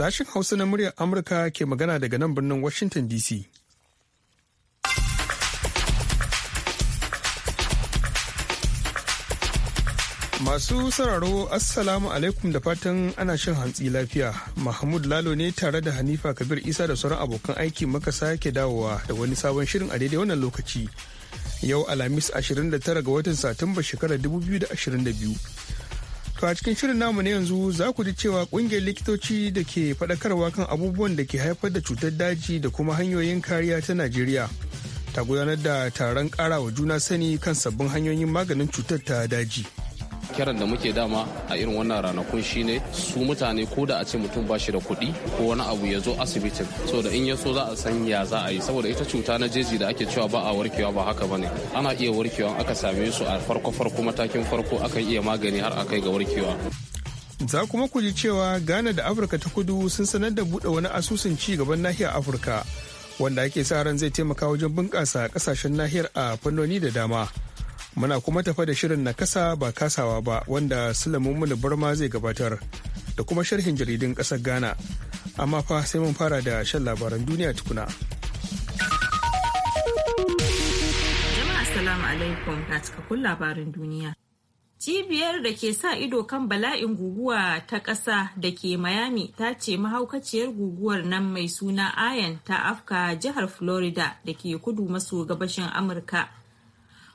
Sashen Hausa na muryar Amurka ke magana daga nan birnin Washington DC. Masu sauraro Assalamu alaikum da fatan ana shan hantsi lafiya. Mahmud Lalo ne tare da Hanifa Kabir Isa da sauran abokan aiki maka sake dawowa da wani sabon shirin a daidai wannan lokaci. Yau Alhamis 29 ga watan Satumba shekarar 2022. To a cikin shirin namu na yanzu za ku ji cewa kungiyar likitoci da ke faɗakarwa kan abubuwan da ke haifar da cutar daji da kuma hanyoyin kariya ta Najeriya. Ta gudanar da taron ƙara wa juna sani kan sabbin hanyoyin maganin cutar ta daji. kiran da muke dama a irin wannan ranakun shine su mutane ko da a ce mutum ba shi da kuɗi ko wani abu ya zo asibitin saboda in ya so za a san ya za a yi saboda ita cuta na jeji da ake cewa ba a warkewa ba haka bane ana iya warkewa aka same su a farko farko matakin farko akan iya magani har a kai ga warkewa za kuma ku ji cewa ghana da afirka ta kudu sun sanar da buɗe wani asusun ci gaban nahiyar afirka wanda ake sa ran zai taimaka wajen bunƙasa kasashen nahiyar a fannoni da dama Muna kuma tafa da shirin na kasa ba kasawa ba wanda Sulaiman Mulu Barma zai gabatar da kuma sharhin jaridun kasar Ghana. Amma fa sai mun fara da shan labaran duniya tukuna. Jama'a Assalamu alaikum na cikakkun labarin duniya. Cibiyar da ke sa ido kan bala'in guguwa ta ƙasa da ke Miami ta ce mahaukaciyar guguwar nan mai suna Ayan ta afka jihar Florida da ke kudu maso gabashin Amurka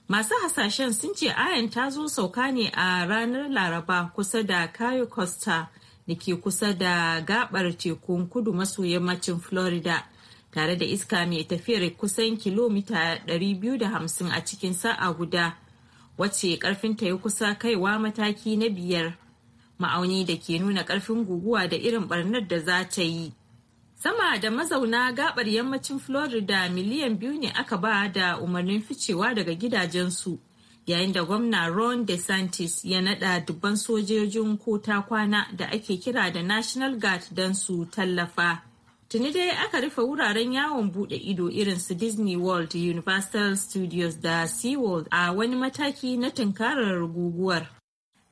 Masu hasashen sun ce ayan ta zo sauka ne a ranar Laraba kusa da kayo Costa da ke kusa da gabar tekun kudu maso yammacin Florida tare da iska mai tafiyar kusan kilomita 250 a cikin sa'a guda wacce ta yi kusa kaiwa mataki na biyar ma'auni da ke nuna karfin guguwa da irin barnar da za ta yi. Sama da mazauna gabar yammacin Florida miliyan biyu ne aka ba da umarnin ficewa daga gidajensu yayin da gwamna Ron DeSantis ya nada dubban sojojin kota kwana da ake kira da National Guard don su tallafa. Tuni dai aka rufe wuraren yawon bude ido irin su Disney World, Universal Studios da SeaWorld a wani mataki na tunkarar guguwar.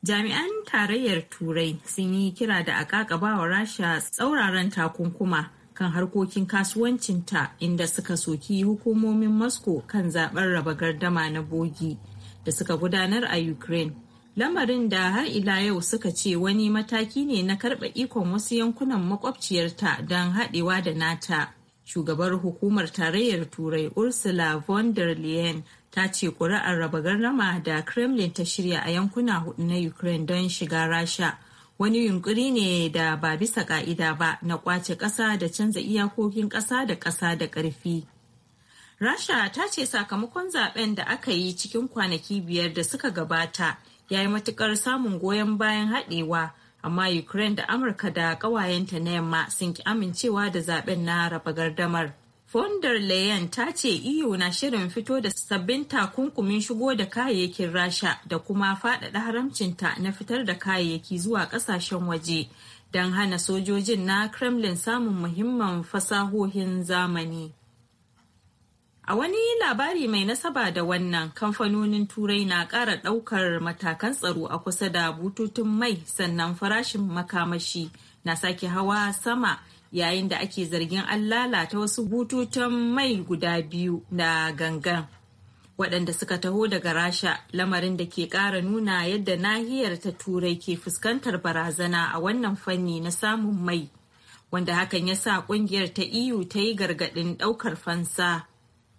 Jami'an tarayyar Turai sun yi kira da a ƙaƙabawa Rasha tsauraran takunkuma kan harkokin kasuwancinta inda suka soki hukumomin Moscow kan zaben raba gardama na bogi da suka gudanar a Ukraine. Lamarin da har ila yau suka ce wani mataki ne na karɓa ikon wasu yankunan makwabciyarta don haɗewa da nata. shugabar hukumar tarayyar turai ursula von der leyen ta ce kuri'ar raba garrama da kremlin ta shirya a yankuna hudu na ukraine don shiga rasha wani yunkuri ne da ba bisa ka'ida ba na kwace ƙasa da canza iyakokin ƙasa da ƙasa da ƙarfi rasha ta ce sakamakon zaben da aka yi cikin kwanaki biyar da suka gabata ya yi matukar samun goyon bayan haɗewa amma ukraine da amurka da ƙawayenta na yamma sun ki amincewa da zaben na raba gardamar fondar leyen ta ce iyo e na shirin fito da sabbin takunkumin shigo da kayayyakin rasha da kuma faɗaɗa haramcinta na fitar da kayayyaki zuwa ƙasashen waje don hana sojojin na kremlin samun muhimman fasahohin zamani A wani labari mai nasaba da wannan kamfanonin turai na ƙara ɗaukar matakan tsaro a kusa da bututun mai sannan farashin makamashi na sake hawa sama yayin da ake zargin an lalata wasu bututun mai guda biyu na gangan. Waɗanda suka taho daga Rasha lamarin da ke ƙara nuna yadda nahiyar ta turai ke fuskantar barazana a wannan fanni na samun mai, wanda hakan ya sa ƙungiyar ta iyu e ta yi gargaɗin ɗaukar fansa.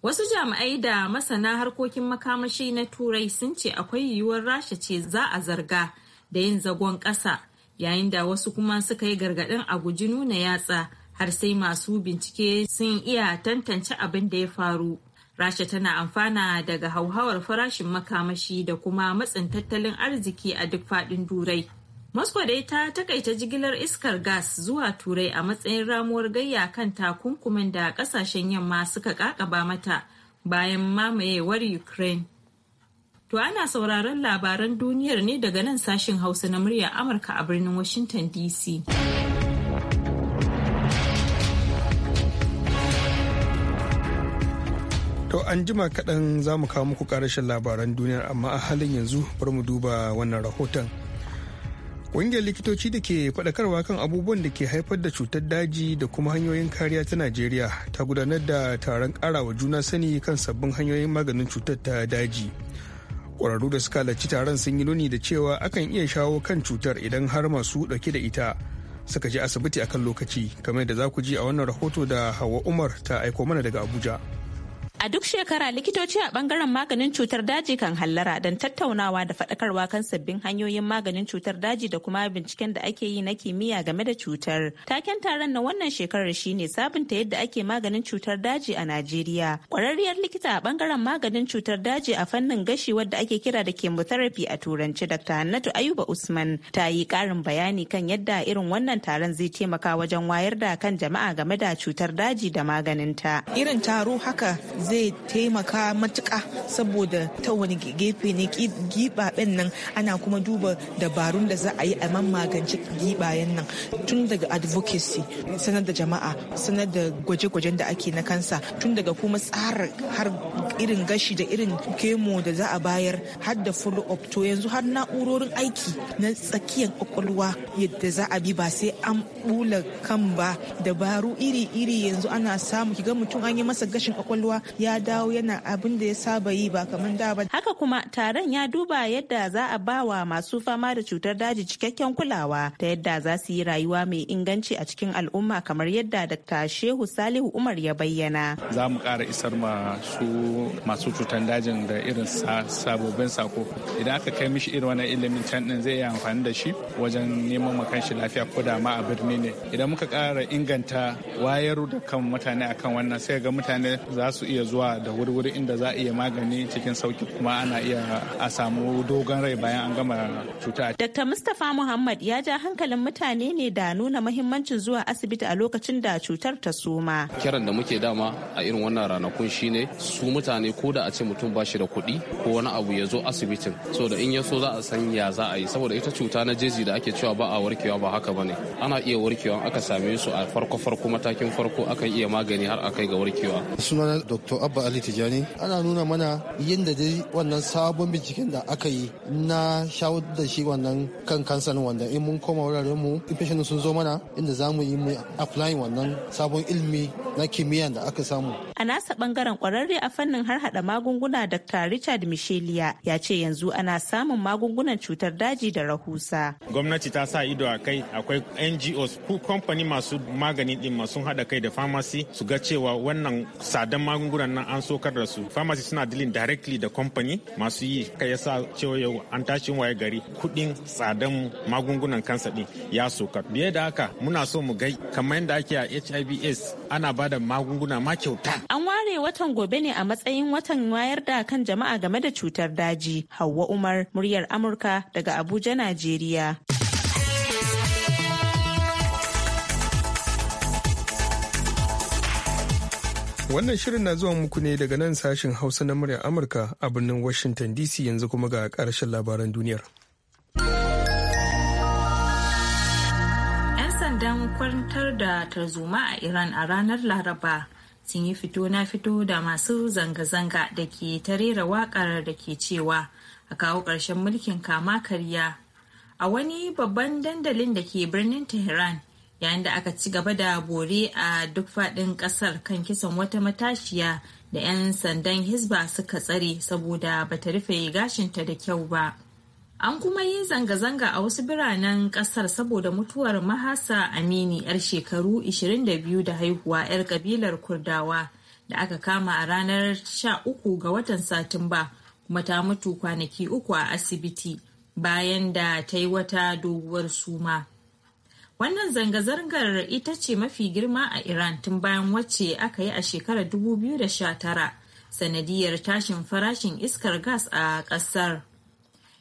Wasu jami'ai da masana harkokin makamashi na Turai sun ce akwai yiwuwar Rasha ce za a zarga da yin zagon ƙasa, yayin da wasu kuma suka yi gargaɗin a guji nuna yatsa har sai masu bincike sun iya tantance abin da ya faru. Rasha tana amfana daga hauhawar farashin makamashi da kuma matsin tattalin arziki a duk faɗin Durai. Moscow dai ta takaita jigilar iskar gas zuwa Turai a matsayin ramuwar gayya kan takunkumin da kasashen yamma suka kakaba mata bayan mamayewar Ukraine. To ana sauraron labaran duniyar ne daga nan sashin Hausa na murya Amurka a birnin Washington DC. To an jima kaɗan za mu kawo muku ƙarashin labaran duniyar amma a halin yanzu bar mu duba wannan rahoton. ƙungiyar likitoci da ke faɗakarwa kan abubuwan da ke haifar da cutar daji da kuma hanyoyin kariya ta najeriya ta gudanar da taron ƙarawa juna sani kan sabbin hanyoyin maganin cutar ta daji ƙwararru da suka halarci taron sun yi nuni da cewa akan iya shawo kan cutar idan har masu ɗauke da ita suka je asibiti akan lokaci kamar da za ku ji a wannan rahoto da hawa umar ta aiko mana daga abuja A duk shekara likitoci a bangaren maganin cutar daji kan hallara don tattaunawa da faɗakarwa kan sabbin hanyoyin maganin cutar daji da kuma binciken da ake yi na kimiyya game da cutar. Taken taron na wannan shekarar shine sabunta yadda ake maganin cutar daji a Najeriya. Ƙwararriyar likita a bangaren maganin cutar daji a fannin gashi wadda ake kira da chemotherapy a turanci Dr. Hannatu Ayuba Usman ta yi ƙarin bayani kan yadda irin wannan taron zai taimaka wajen wayar da kan jama'a game da cutar daji da maganinta. Irin taro haka zai taimaka matuka saboda ta wani gefe ne giɓaɓen nan ana kuma duba dabarun da za a yi a man magance giɓayen nan tun daga advocacy sanar da jama'a sanar da gwaje-gwajen da ake na kansa tun daga kuma tsara har irin gashi da irin kemo da za a bayar har da follow up to yanzu har na'urorin aiki na tsakiyar kwakwalwa yadda za a bi ba sai an bula kan ba dabaru iri-iri yanzu ana samu ki ga mutum an yi masa gashin kwakwalwa ya dawo yana abin da ya saba yi ba kamar da ba haka kuma taron ya duba yadda za a ba wa masu fama da cutar daji cikakken kulawa ta yadda za su yi rayuwa mai inganci a cikin al'umma kamar yadda Dr. Shehu Salihu Umar ya bayyana za mu ƙara isar ma su masu cutar dajin da irin sababbin sako idan aka kai mishi irin wannan ilimin can din zai yi amfani da shi wajen neman makan shi lafiya ko da ma a birni ne idan muka kara inganta wayar da kan mutane akan wannan sai ga mutane za su iya zuwa da wurwuri inda za a iya magani cikin sauki kuma ana iya a samu dogon rai bayan an gama cuta. Dr. Mustapha Muhammad ya ja hankalin mutane ne da nuna mahimmancin zuwa asibiti a lokacin da cutar ta suma. Kiran da muke dama a irin wannan ranakun shine su mutane ko da a ce mutum ba shi da kuɗi ko wani abu ya zo asibitin saboda in ya so za a san ya za a yi saboda ita cuta na jeji da ake cewa ba a warkewa ba haka bane ana iya warkewa aka same su a farko farko matakin farko akan iya magani har a kai ga warkewa. Sunana Dr. Abba Ali Tijani ana nuna mana yadda dai wannan sabon binciken da aka yi na shawo da shi wannan kan kansan wanda in mun koma wuraren mu infection sun zo mana inda za mu yi mu applying wannan sabon ilimi na kimiyya da aka samu. A nasa bangaren kwararre a fannin har hada magunguna Dr. Richard Micheliya ya ce yanzu ana samun magungunan cutar daji da rahusa. Gwamnati ta sa ido a kai akwai NGOs ku kamfani masu magani din masu hada kai da pharmacy su ga cewa wannan sadan magungunan nan an sokar da su. Pharmacy suna dealing directly da kamfani masu yi kai yasa cewa yau an tashi waye gari kudin tsadan magungunan kansa din ya sokar. Biye da haka muna so mu gai kamar yadda ake a HIV AIDS ana ba da magunguna ma kyauta. An ware watan gobe ne a matsayin watan wayar da kan jama'a game da cutar daji. Hauwa Umar, muryar Amurka daga Abuja, Najeriya. Wannan shirin na zuwa muku ne daga nan sashen Hausa na muryar Amurka a birnin Washington DC yanzu kuma ga ƙarshen labaran duniyar. kwantar da tarzoma a Iran a ranar Laraba sun yi fito na fito da masu zanga-zanga da ke tarera waƙar da ke cewa a kawo ƙarshen mulkin kama karya. A wani babban dandalin da ke birnin Tehran yayin da aka ci gaba da bore a duk faɗin ƙasar kan kisan wata matashiya da 'yan sandan Hisba suka tsare saboda bata rufe gashinta da kyau ba. An kuma yi zanga-zanga a wasu biranen kasar saboda mutuwar Mahasa Amini 'yar shekaru 22 da haihuwa 'yar kabilar Kurdawa da aka kama a ranar 13 ga watan Satumba kuma ta mutu kwanaki uku a asibiti bayan da ta yi wata doguwar suma. Wannan zanga-zangar ita ce mafi girma a Iran tun bayan wacce aka yi a shekarar 2019 sanadiyar tashin farashin iskar gas a ƙasar.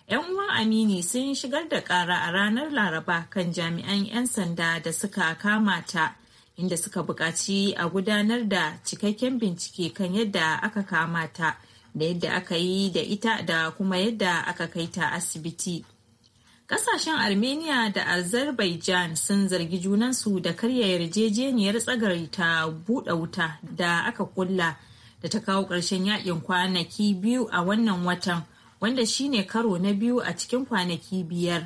'yan uwan amini sun shigar da kara a ranar laraba kan jami'an 'yan sanda da suka kama ta inda suka buƙaci a gudanar da cikakken bincike kan yadda aka kama ta da yadda aka yi da ita da kuma yadda aka kai ta asibiti kasashen armenia da azerbaijan sun zargi junansu da karya yarjejeniyar tsagar ta buɗe wuta da aka kulla da ta kawo ƙarshen yakin kwanaki biyu a wannan watan wanda shine karo na biyu a cikin kwanaki biyar.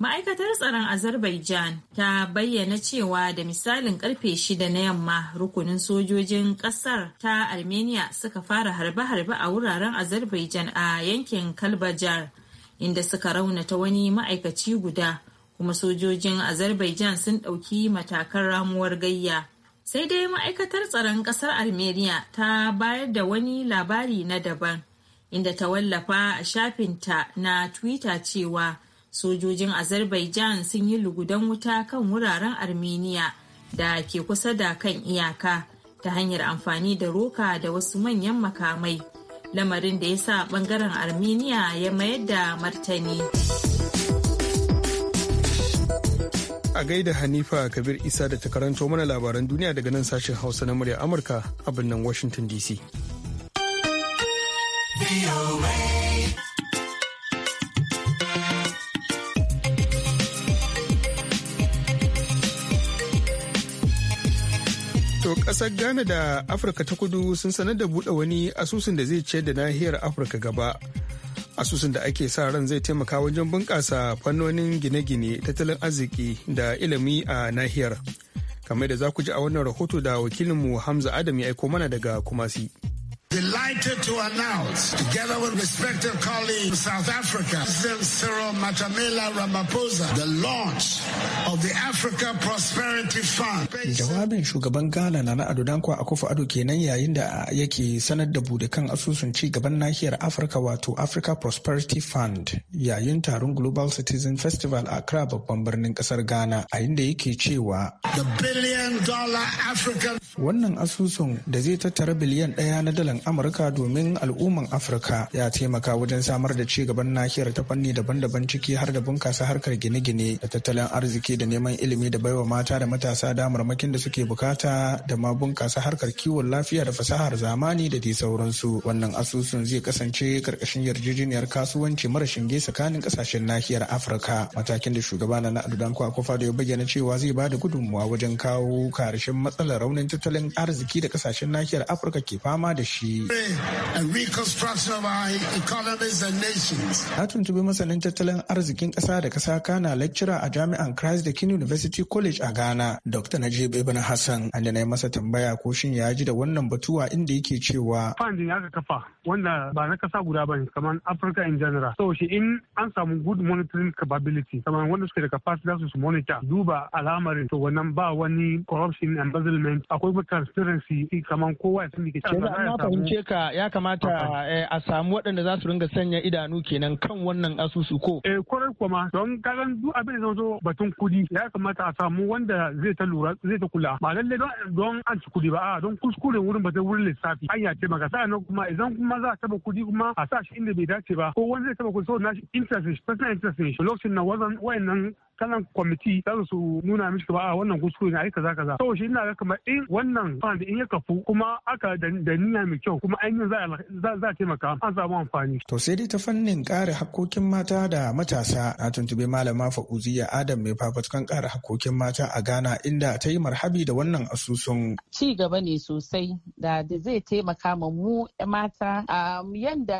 Ma'aikatar tsaron Azerbaijan ta bayyana cewa da misalin karfe shida na yamma rukunin sojojin kasar ta Armenia suka fara harbe-harbe a wuraren Azerbaijan a yankin Kalbajar inda suka raunata wani ma'aikaci guda kuma sojojin Azerbaijan sun ɗauki matakan ramuwar gayya. Sai dai ma'aikatar tsaron kasar Armenia ta bayar da wani labari na daban. inda ta wallafa a shafinta na twitter cewa sojojin azerbaijan sun yi lugudan wuta kan wuraren armenia da ke kusa da kan iyaka ta hanyar amfani da roka da wasu manyan makamai lamarin da ya sa bangaren armenia ya mayar da martani a gaida hanifa kabir isa da ta karanto mana labaran duniya daga nan sashen hausa na murya amurka a birnin washington dc To kasar Ghana da Afirka ta kudu sun sanar da buɗe wani asusun da zai ciyar da nahiyar Afirka gaba. Asusun da ake sa ran zai taimaka wajen bunƙasa fannonin gine-gine, tattalin arziki da ilimi a nahiyar. Kamar da za ku ji a wannan rahoto da wakilinmu Hamza Adam ya aiko mana daga Kumasi. Delighted to announce, together with colleagues in South Africa, President Cyril Matamela Ramaphosa, the launch of the Africa Prosperity Fund. Jawabin shugaban Ghana na na Ado Dankwa Akufo Ado kenan yayin da yake sanar da bude kan asusun ci gaban nahiyar Afirka wato Africa Prosperity Fund yayin taron Global Citizen Festival a Accra babban birnin kasar Ghana a inda yake cewa The billion dollar African Wannan asusun da zai tattara biliyan ɗaya na dalan amurka domin al'umman afirka ya taimaka wajen samar da ci gaban nahiyar ta fanni daban-daban ciki har da bunkasa harkar gine-gine da tattalin arziki da neman ilimi da baiwa mata da matasa damarmakin da suke bukata da ma bunkasa harkar kiwon lafiya da fasahar zamani da dai sauransu wannan asusun zai kasance karkashin yarjejeniyar kasuwanci mara shinge tsakanin kasashen nahiyar afirka matakin da shugaba na Danko Akufa da ya bayyana cewa zai ba da gudunmuwa wajen kawo karshen matsalar raunin tattalin arziki da kasashen nahiyar afirka ke fama da shi yi. Na tuntubi masanin tattalin arzikin ƙasa da ƙasa kana lecturer a jami'an Christ the King University College a Ghana, Dr. Najib Ibn Hassan, an da na masa tambaya ko shin ya ji da wannan batuwa inda yake cewa. Fandin ya kafa wanda ba na ƙasa guda ba kamar Africa in general. So shi in an samu good monitoring capability kamar wanda suke da capacity za su monitor duba al'amarin to wannan ba wani corruption embezzlement akwai transparency kamar kowa ya sani ke. Kenan fahimce ka ya kamata eh, a samu waɗanda za su ringa sanya idanu kenan kan wannan asusu ko. Eh kwarar kuma don kagan duk abin da zan zo batun kudi ya kamata a samu wanda zai ta lura zai ta kula ba lalle don an ci kudi ba a don kuskure wurin batun wurin lissafi an yace maka nan kuma idan kuma za a taba kudi kuma a sa shi inda bai dace ba ko wani zai taba kudi saboda shi interest shi personal interest shi lokacin na wazan wayannan kanan kwamiti za su nuna mishi ba a ah, wannan kuskure ne ai kaza kaza saboda shi ina ga kamar in wannan da in ya kafu kuma aka da niyya mai kyau kuma ainihin za za taimaka an samu amfani to sai dai ta fannin kare hakokin mata da matasa na tuntube malama Fauziya Adam mai fafatukan kare hakokin mata a Ghana inda ta yi marhabi da wannan asusun ci gaba ne sosai da zai taimaka ma mu mata yanda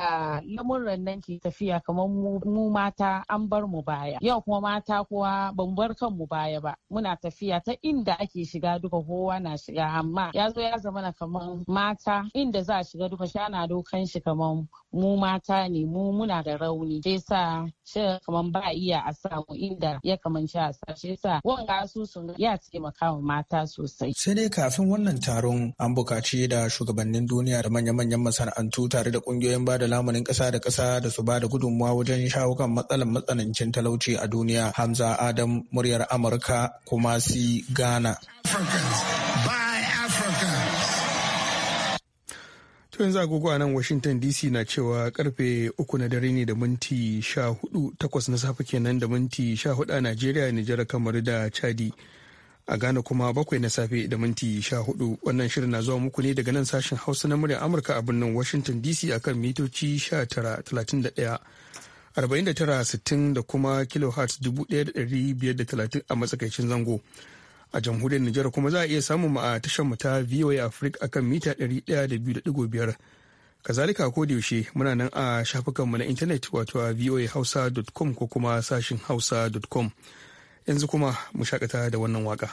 lamuran nan ke tafiya kamar mu mata an bar mu baya yau kuma mata kuwa ban bar kanmu baya ba muna tafiya ta inda ake shiga duka kowa na shiga amma ya zo ya zama kamar mata inda za a shiga duka shana dokan shi kamar mu mata ne mu muna da rauni sai sa shi kamar ba iya a samu inda ya kamanci a sa shi sa wanga asusun ya taimaka wa mata sosai sai dai kafin wannan taron an buƙaci da shugabannin duniya da manya-manyan masana'antu tare da ƙungiyoyin ba da lamunin ƙasa da ƙasa da su ba da gudunmawa wajen shawo kan matsalar matsanancin talauci a duniya hamza a Adam muryar Amurka kuma si Ghana. To yanzu agogo a nan Washington DC na cewa karfe uku na dare ne da minti sha hudu takwas na safe kenan da minti sha hudu a Najeriya, Nijar, kamar da Chadi. A Ghana kuma bakwai na safe da minti sha hudu wannan shirin na zuwa muku ne daga nan sashen Hausa na muryar Amurka a birnin Washington DC akan mitoci sha tara talatin da daya 4960 da kuma kilohertz 1530 a matsakaicin zango. A jamhuriyar Nijar kuma za a iya samun mu a tashar mu ta VOA Africa akan mita 102.5. Kazalika ko da yaushe muna nan a shafukanmu na intanet wato a voahausa.com ko kuma sashin hausa.com. Yanzu kuma mu shakata da wannan waka.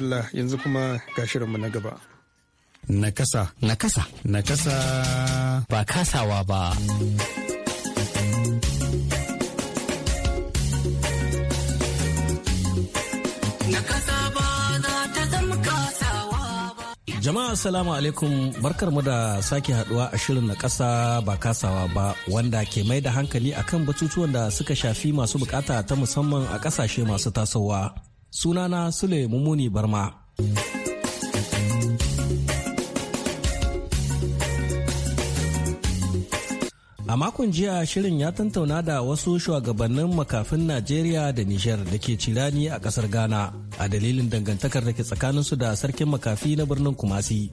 madalla yanzu kuma ga shirinmu na gaba. Nakasa. Nakasa. Nakasa. Ba kasawa ba. Jama'a salamu alaikum barkarmu da sake haduwa a shirin na kasa ba kasawa ba wanda ke mai da hankali akan batutuwan da suka shafi masu bukata ta musamman a kasashe masu tasowa. sunana sule mummuni barma a makon jiya shirin ya tantauna da wasu shugabannin makafin najeriya da nijar da ke cirani a kasar ghana a dalilin dangantakar da ke tsakaninsu da sarkin makafi na birnin kumasi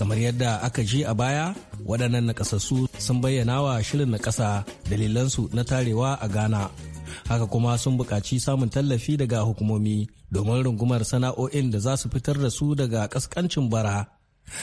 kamar yadda aka ji a baya waɗannan nakasassu sun bayyana wa shirin na ƙasa dalilansu na tarewa a ghana haka kuma sun buƙaci samun tallafi daga hukumomi domin rungumar sana'o'in da za su fitar da su daga kaskancin bara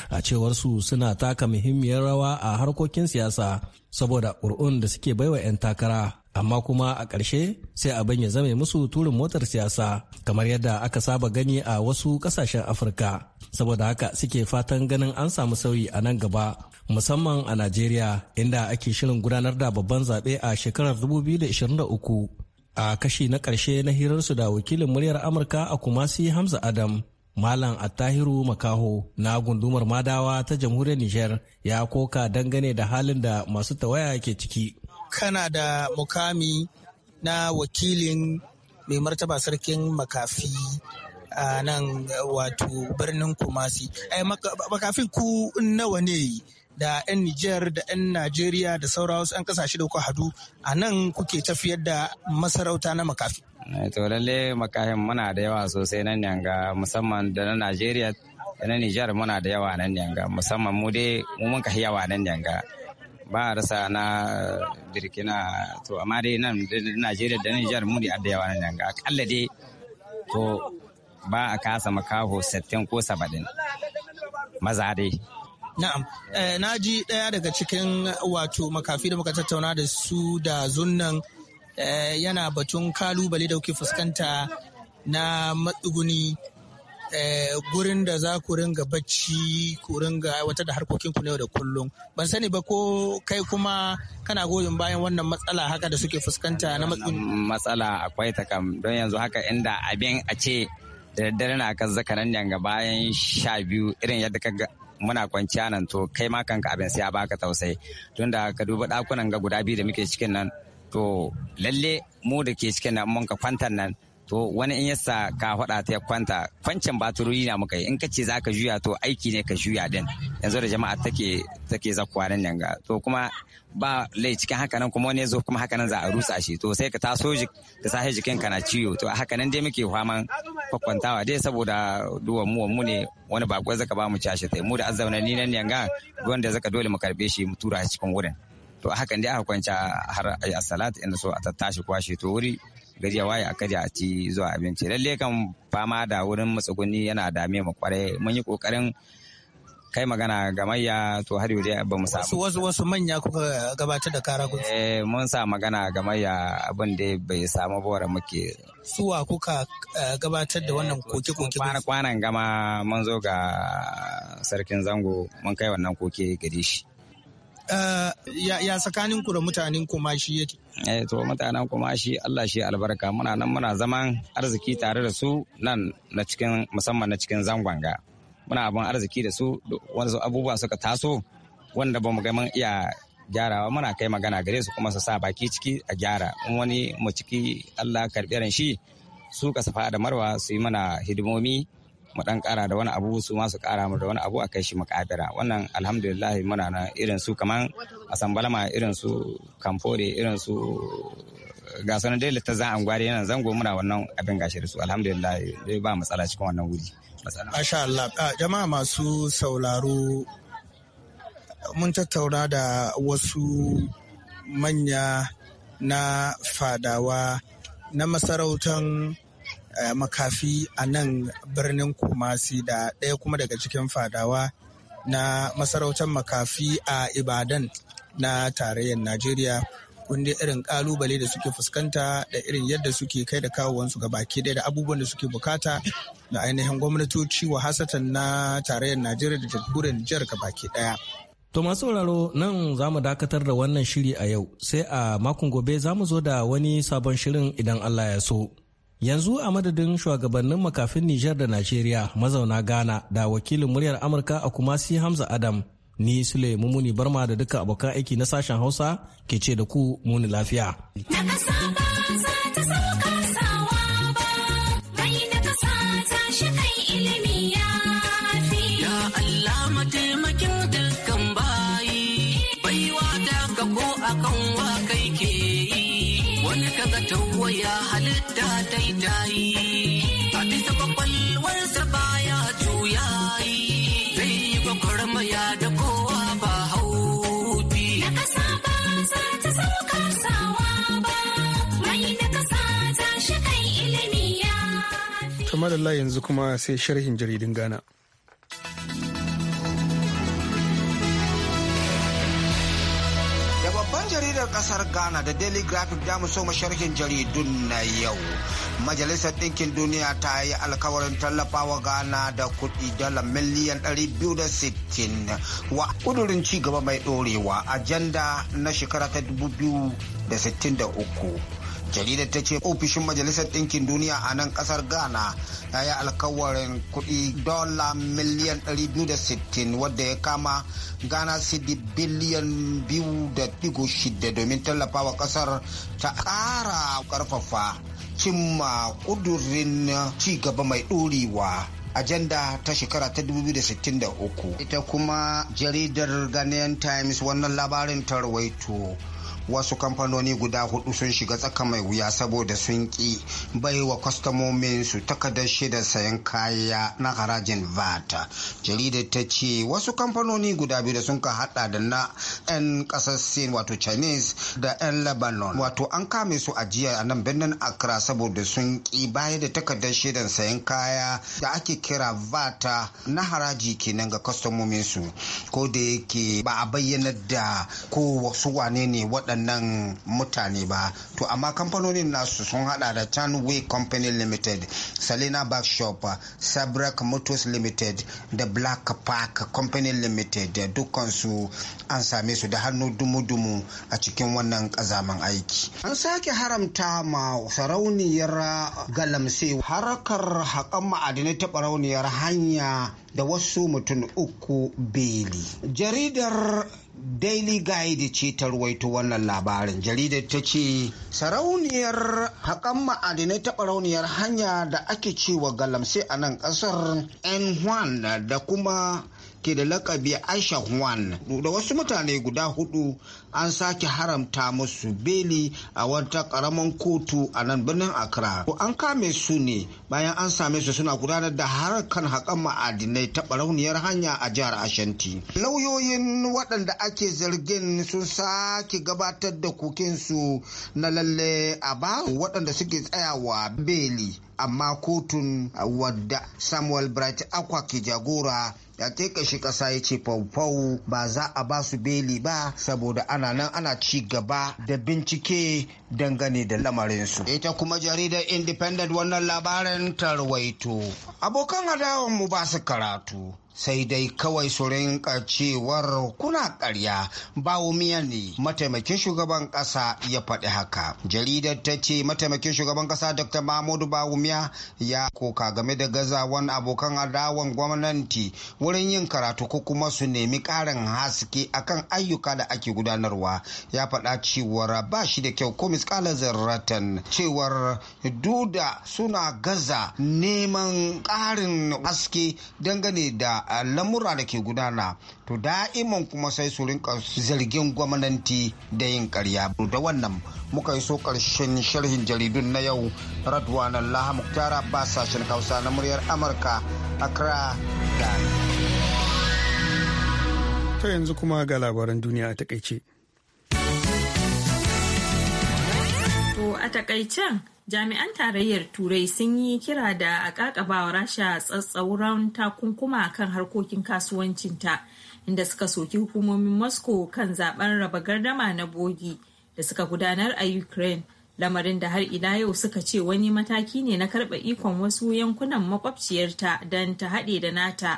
a cewar su suna taka muhimmiyar rawa a harkokin siyasa saboda ƙuri'un da suke baiwa 'yan takara amma kuma a ƙarshe sai abin ya zame musu turin motar siyasa kamar yadda aka saba gani a wasu ƙasashen afirka saboda haka suke fatan ganin an samu sauyi a nan gaba musamman a najeriya inda ake shirin gudanar da babban zaɓe a shekarar 2023 a kashi na ƙarshe na hirarsu da wakilin muryar amurka a kumasi hamza adam Malam Attahiru Makaho na gundumar Madawa ta jamhuriyar Nijar ya koka dangane da halin da masu tawaya ke ciki. kana da mukami na wakilin mai martaba sarkin makafi a nan wato birnin kumasi eh, makafin ku nawa ne da 'yan Nijar da 'yan Najeriya da saura wasu 'yan kasashe da kuka hadu a nan kuke tafiyar da masarauta na makafi. Eh, to lalle makafin muna da yawa sosai nan yanga musamman da na Najeriya da na Nijar muna da yawa nan yanga musamman mu dai mu mun yawa nan yanga. ba a rasa na birkina to amma dai nan najeriya da nijar muni a yawa nan ga akalla dai to ba a kasa makaho sattin ko saba'in maza dai Na'am, eh, na ji ɗaya daga cikin wato makafi da muka tattauna da su da zunnan eh, yana batun kalubale da kuke fuskanta na matsuguni Eh, gurin da za ku ringa bacci ku ringa aiwatar da harkokin ku yau da kullum ban sani ba ko kai kuma kana goyon bayan wannan matsala haka da suke fuskanta na matsala akwai ta kam don yanzu haka inda abin a ce da daddare na kan zaka nan ga bayan sha biyu irin yadda ka muna kwanciya nan to kai ma kanka abin sai ya baka tausayi tunda ka duba dakunan ga guda biyu da muke cikin nan to lalle mu da ke cikin nan mun ka kwantar nan to wani in yasa ka faɗa ta kwanta kwancin batururi na muka yi in ka ce za ka juya to aiki ne ka juya din yanzu da jama'a take take zakkuwa nan nan ga to kuma ba lai cikin haka nan kuma wani zo kuma haka nan za a rusa shi to sai ka taso ka sahi jikin ka na ciwo to haka nan dai muke faman kwakwantawa dai saboda duwan mu mu ne wani bako zaka ba mu cashe tai mu da azzauna ni nan yanga da zaka dole mu karbe shi mu tura shi cikin wurin to hakan dai aka kwanta har ayi salat in so a tattashi kwashe to wuri gari ya waye a a ci zuwa abinci lalle kan fama da wurin matsuguni yana dame mu kwarai mun yi kokarin kai magana gamayya to har yau ba mu samu wasu wasu manya kuka gabatar da kara ku eh mun sa magana gamayya abin da bai samu ba muke suwa kuka eh, gabatar da wannan eh, koke koke kwana kwanan gama mun zo ga sarkin zango mun kai wannan koke gare shi Eh, ya tsakanin ku da mutanen kumashi yake eh to mutanen kumashi Allah shi albarka muna nan muna zaman arziki tare da su nan na cikin musamman na cikin zangwanga muna abin arziki da su wanzu abubuwa suka taso wanda ba mu ga mun iya gyarawa muna kai magana gare su kuma su sa baki ciki a gyara in wani mu ciki Allah karɓi shi su ka safa da marwa su yi mana hidimomi mu dan kara da wani abu su ma su kara mu da wani abu a kai shi makabira wannan alhamdulillah muna na irin su kaman asambalama irin su kamfore irin su ga sanar dai ta za a gwari yana zango muna wannan abin gashi da su alhamdulillah dai ba matsala cikin wannan wuri masha Allah ah, jama'a masu sauraro mun tattauna da wasu manya na fadawa na masarautan Eh, makafi a nan birnin kumasi da ɗaya kuma daga cikin fadawa na masarautar makafi a ibadan na tarayyar najeriya wanda irin kalubale da suke fuskanta da irin yadda suke kai da kawowansu ga baki ɗaya da abubuwan da suke bukata na ainihin gwamnatoci wa hasatan na tarayyar najeriya da jamhuriyar jihar ga baki ɗaya To masu sauraro nan za mu dakatar da wannan shiri a yau sai a makon gobe za mu zo da wani sabon shirin idan Allah ya so. yanzu a madadin shugabannin makafin nijar da najeriya mazauna ghana da wakilin muryar amurka a kumasi hamza adam ni sule mumuni barma da duka abokan aiki na sashen hausa ke ce da ku muni lafiya madalla yanzu kuma sai sharhin jaridin Ghana. jaridar kasar ghana da daily graphic da mu soma sharhin jaridun na yau majalisar ɗinkin duniya ta yi alkawarin tallafawa gana da kuɗi dala miliyan 260 wa ƙudurin cigaba mai ɗorewa ajanda na shekara ta 2063 jaridar ta ce ofishin majalisar ɗinkin duniya a nan ƙasar ghana ya yi alkawarin kuɗi dola miliyan 260 wadda ya kama ghana sidi biliyan 2.6 domin tallafawa ƙasar ta ƙara ƙarfafa cimma ƙudurin gaba mai ɗorewa ajanda ta shekara ta 2063 ita kuma jaridar ghanaian times wannan labarin ta rawaito wasu kamfanoni guda hudu sun shiga tsaka mai wuya saboda sun ki bai wa kwastamomin su takardar shaidar sayan kaya na harajin vat Jarida ta ce wasu kamfanoni guda biyu da sun ka hada da na 'yan kasar sin wato chinese da 'yan lebanon wato an kame su ajiya a nan birnin accra saboda sun ki baya da takardar shaidar sayan kaya da ake kira vata na haraji kenan ga kwastamomin su ko da yake ba a bayyana da ko wasu wane ne waɗanda waɗannan mutane ba to amma kamfanonin nasu sun hada da Tanway Company Limited, Salina shop, Sabrak Motors Limited da Black Park Company Limited dukansu an same su da hannu dumu-dumu a cikin wannan kazaman aiki. An sake haramta ma sarauniyar galamse harkar haƙan ma'adinai ta barauniyar hanya da wasu mutum uku beli. Jaridar Daily Guide ce ta ruwaito wannan labarin. Jaridar ta ce sarauniyar haƙan ma'adinai ta hanya da ake cewa galamse a nan ƙasar N1 da kuma ke da lakabi Aisha N1, da wasu mutane guda hudu an sake haramta musu beli a wata karamin kotu a nan birnin Accra. An kame su ne bayan an same su suna gudanar da harkan haƙan ma'adinai ta barauniyar hanya a jihar Ashanti. Lauyoyin waɗanda ake zargin sun sake gabatar da su na lalle a ba waɗanda suke tsayawa beli. amma kotun wadda samuel bright akwa ke jagora ya teka shi ƙasa ya ce ba za a ba su beli ba saboda ana suna nan ana ci gaba da bincike dangane da lamarinsu. Ita kuma jaridar Independent wannan labarin tarwaito. Abokan adawanmu ba su karatu. sai dai kawai su rinka cewar kuna karya ba miya ne mataimakin shugaban kasa ya faɗi haka jaridar ta ce mataimakin shugaban kasa dr mahmudu bawumiya ya koka game da gazawan abokan adawan gwamnati wurin yin karatu ko kuma su nemi ƙarin haske akan ayyuka da ake gudanarwa ya faɗa cewar ba shi da kyau ko miskala zarratan cewar duda suna gaza neman ƙarin haske dangane da a lamura da ke gudana to da'iman kuma sai su rinka zargin gwamnati da yin karya da wannan muka yi so karshen sharhin jaridun na yau Radwana allah tara ba sashen hausa na muryar amurka accra da yanzu kuma ga labaran duniya a takaice a takaicen jami'an tarayyar turai sun yi kira da a kakabawa rasha tsatsauran takunkuma kan harkokin kasuwancinta inda suka soki hukumomin moscow kan zaben raba gardama na bogi da suka gudanar a ukraine lamarin da har ila yau suka ce wani mataki ne na karɓa ikon wasu yankunan makwabciyarta don ta haɗe da nata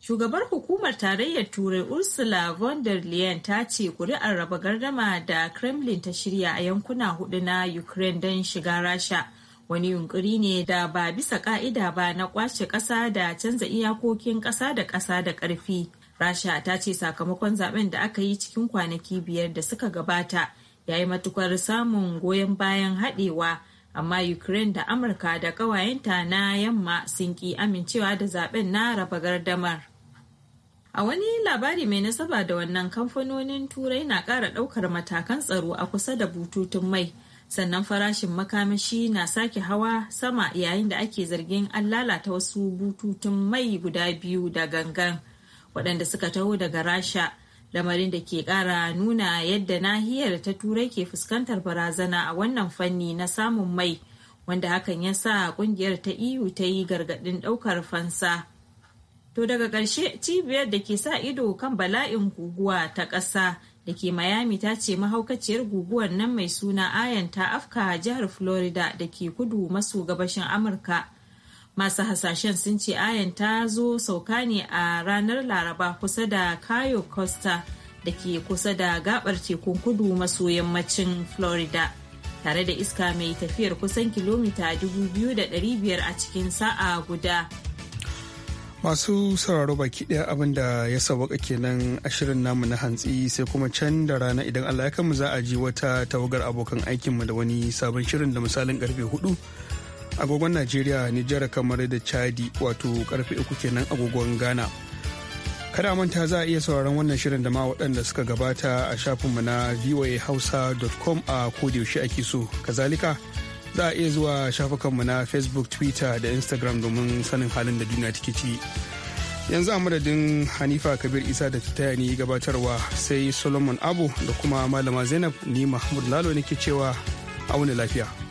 Shugabar hukumar tarayyar Turai Ursula von der Leyen ta ce kuri'ar raba gardama da Kremlin ta shirya a yankuna hudu na Ukraine don shiga Rasha. Wani yunkuri ne da ba bisa ka'ida ba na kwace ƙasa da canza iyakokin ƙasa da ƙasa da ƙarfi. Rasha ta ce sakamakon zaben da aka yi cikin kwanaki biyar da suka gabata ya yi matukar samun goyon bayan haɗewa amma Ukraine da Amurka da ƙawayenta na yamma sun ƙi amincewa da zaben na raba gardamar. A wani labari mai nasaba da wannan kamfanonin turai na ƙara ɗaukar matakan tsaro a kusa da bututun mai sannan farashin makamashi na sake hawa sama yayin da ake zargin an lalata wasu bututun mai guda biyu da gangan waɗanda suka taho daga rasha lamarin da ke ƙara nuna yadda nahiyar ta turai ke fuskantar barazana a wannan fanni na samun mai wanda hakan ya sa ƙungiyar ta iyu e ta yi gargaɗin ɗaukar fansa. To daga ƙarshe cibiyar da ke sa ido kan bala'in guguwa ta ƙasa da ke Miami ta ce mahaukaciyar guguwar nan mai suna ayan ta afka jihar Florida da ke kudu maso gabashin Amurka. Masu hasashen sun ce ayan ta zo sauka ne a ranar Laraba kusa da Cayo Costa da ke kusa da gabar tekun kudu maso yammacin Florida. Tare da iska mai tafiyar kusan kilomita 2,500 a cikin sa'a guda. masu sauraro baki daya abin da ya sauwaka kenan ashirin namu na hantsi sai kuma can da rana idan allah ya kama za a ji wata tawagar abokan aikinmu da wani sabon shirin da misalin karfe hudu agogon najeriya nijar kamar da chadi wato karfe uku kenan agogon ghana kada manta za a iya sauraron wannan shirin da ma waɗanda suka gabata a shafinmu na voahausa.com a yaushe ake so kazalika za a iya zuwa shafukanmu na facebook twitter da instagram domin sanin halin da duniya take ciki yanzu a madadin hanifa kabir isa da ta taya ni gabatarwa sai solomon abu da kuma malama zainab ni mahmud lalo nake cewa auna lafiya